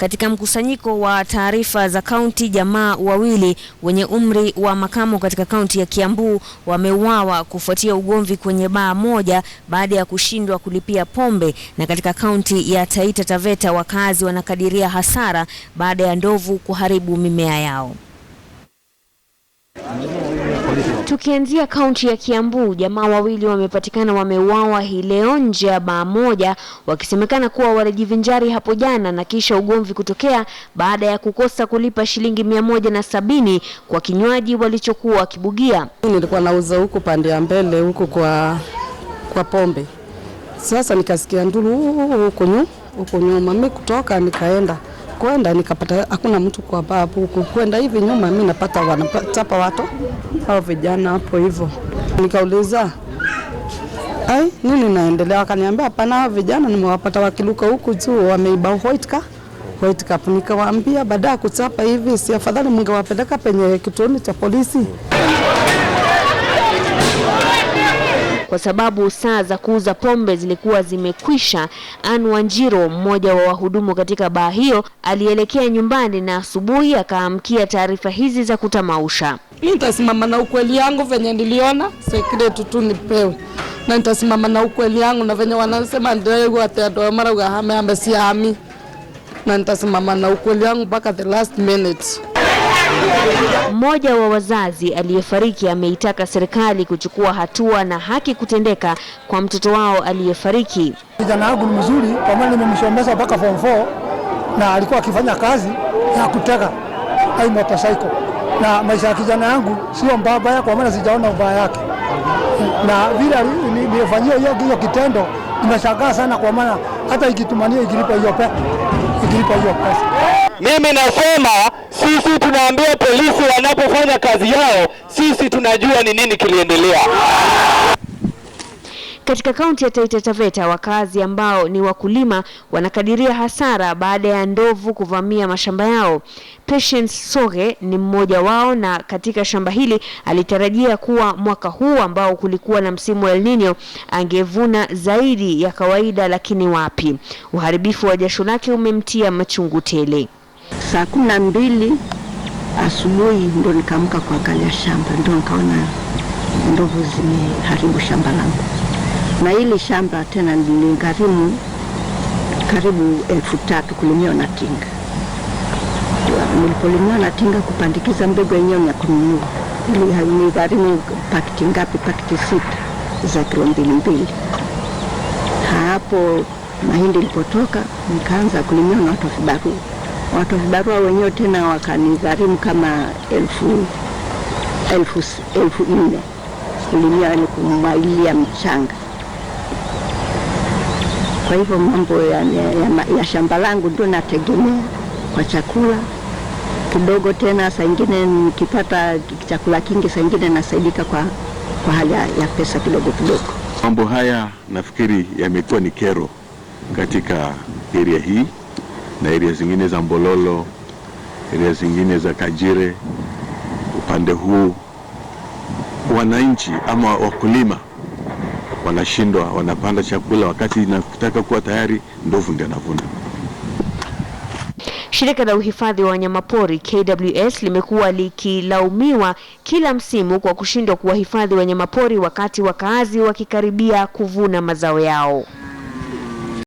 Katika mkusanyiko wa taarifa za kaunti, jamaa wawili wenye umri wa makamo katika kaunti ya Kiambu wameuawa kufuatia ugomvi kwenye baa moja baada ya kushindwa kulipia pombe. Na katika kaunti ya Taita Taveta, wakazi wanakadiria hasara baada ya ndovu kuharibu mimea yao. Tukianzia kaunti ya Kiambu, jamaa wawili wamepatikana wameuawa hii leo nje ya baa moja, wakisemekana kuwa walijivinjari hapo jana na kisha ugomvi kutokea baada ya kukosa kulipa shilingi mia moja na sabini kwa kinywaji walichokuwa wakibugia. Nilikuwa nauza huko pande ya mbele huko kwa, kwa pombe. Sasa nikasikia nduru huko nyuma, mimi kutoka nikaenda kwenda nikapata hakuna mtu kwa babu huko kwenda hivi nyuma, mimi napata wanachapa watu au vijana hapo hivyo. Nikauliza ai, nini naendelea? Wakaniambia hapana, vijana nimewapata wakiluka huku juu wameiba white car white cap. Nikawaambia baada ya kuchapa hivi, si afadhali mngewapeleka penye kituoni cha polisi. Kwa sababu saa za kuuza pombe zilikuwa zimekwisha, Ann mmoja wa wahudumu katika baa hiyo, alielekea nyumbani na asubuhi akaamkia taarifa hizi za kutamausha. Mi nitasimama na ukweli yangu venye niliona, secret tu nipewe na nitasimama na ukweli yangu na venye wanasema ndio ati ndo mara ugahame hame si na nitasimama na ukweli yangu mpaka the last minute. Mmoja wa wazazi aliyefariki ameitaka serikali kuchukua hatua na haki kutendeka kwa mtoto wao aliyefariki. Kijana wangu ni mzuri, kwa maana nimemsomesha mpaka form 4 na alikuwa akifanya kazi ya kuteka au motorcycle, na maisha ya kijana yangu sio mbaya, kwa maana sijaona ubaya yake, na vile hiyo hiyo kitendo nimeshangaa sana, kwa maana hata ikitumania ikilipa hiyo pesa, ikilipa hiyo pesa, mimi nasema sisi tunaambia polisi wanapofanya kazi yao, sisi tunajua ni nini kiliendelea. Katika kaunti ya Taita Taveta, wakazi ambao ni wakulima wanakadiria hasara baada ya ndovu kuvamia mashamba yao. Patience Soge ni mmoja wao, na katika shamba hili alitarajia kuwa mwaka huu ambao kulikuwa na msimu wa El Nino angevuna zaidi ya kawaida, lakini wapi, uharibifu wa jasho lake umemtia machungu tele saa kumi na mbili asubuhi ndo nikaamka kuangalia shamba, ndo nikaona ndovu zimeharibu shamba langu, na hili shamba tena niligharimu karibu elfu tatu kulimiwa na tinga. Nilipolimiwa na tinga kupandikiza mbegu yenyewe na kununua, niligharimu pakiti ngapi? Pakiti sita za kilo mbili mbili. Hapo mahindi ilipotoka, nikaanza kulimiwa na watu wa vibarua watu watodarua wenyewe tena wakanigharimu kama elfu, elfu, elfu nne kulimia ni kumwagilia mchanga. Kwa hivyo mambo ya, ya, ya, ya shamba langu ndio nategemea kwa chakula kidogo, tena saa ingine nikipata chakula kingi, saa ingine nasaidika kwa, kwa hali ya pesa kidogo kidogo. Mambo haya nafikiri yamekuwa ni kero katika eria hii na area zingine za Mbololo, area zingine za Kajire. Upande huu wananchi ama wakulima wanashindwa, wanapanda chakula wakati inataka kuwa tayari, ndovu ndio anavuna. Shirika la uhifadhi wa wanyamapori KWS limekuwa likilaumiwa kila msimu kwa kushindwa kuwahifadhi wanyamapori wakati wakaazi wakikaribia kuvuna mazao yao.